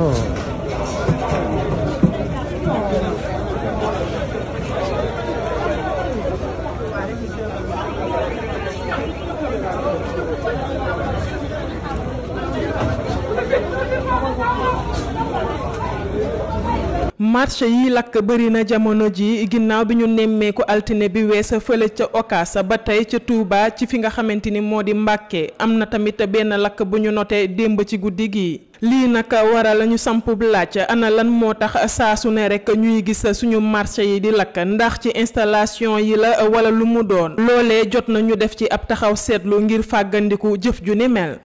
Hmm. marché yi lakk bëri na jamono ji ginnaaw bi ñu nemmeeku altine bi weesa fële ca Ocass ba tey ca Touba ci fi nga xamante ni moo di Mbàkke am na tamit benn lakk bu ñu note démb ci guddi gi lii nag war ñu samp laaj ana lan moo tax saa su ne rek ñuy gis suñu marché yi di lakk ndax ci installation yi la wala lu mu doon loole jot na ñu def ci ab taxaw seetlu ngir fàggandiku jëf ju ni mel